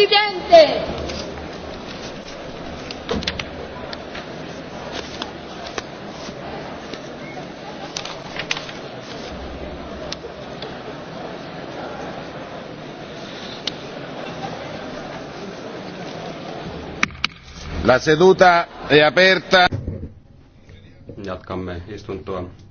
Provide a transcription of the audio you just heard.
Presidente! La seduta è aperta. Jatkamme istuntoa.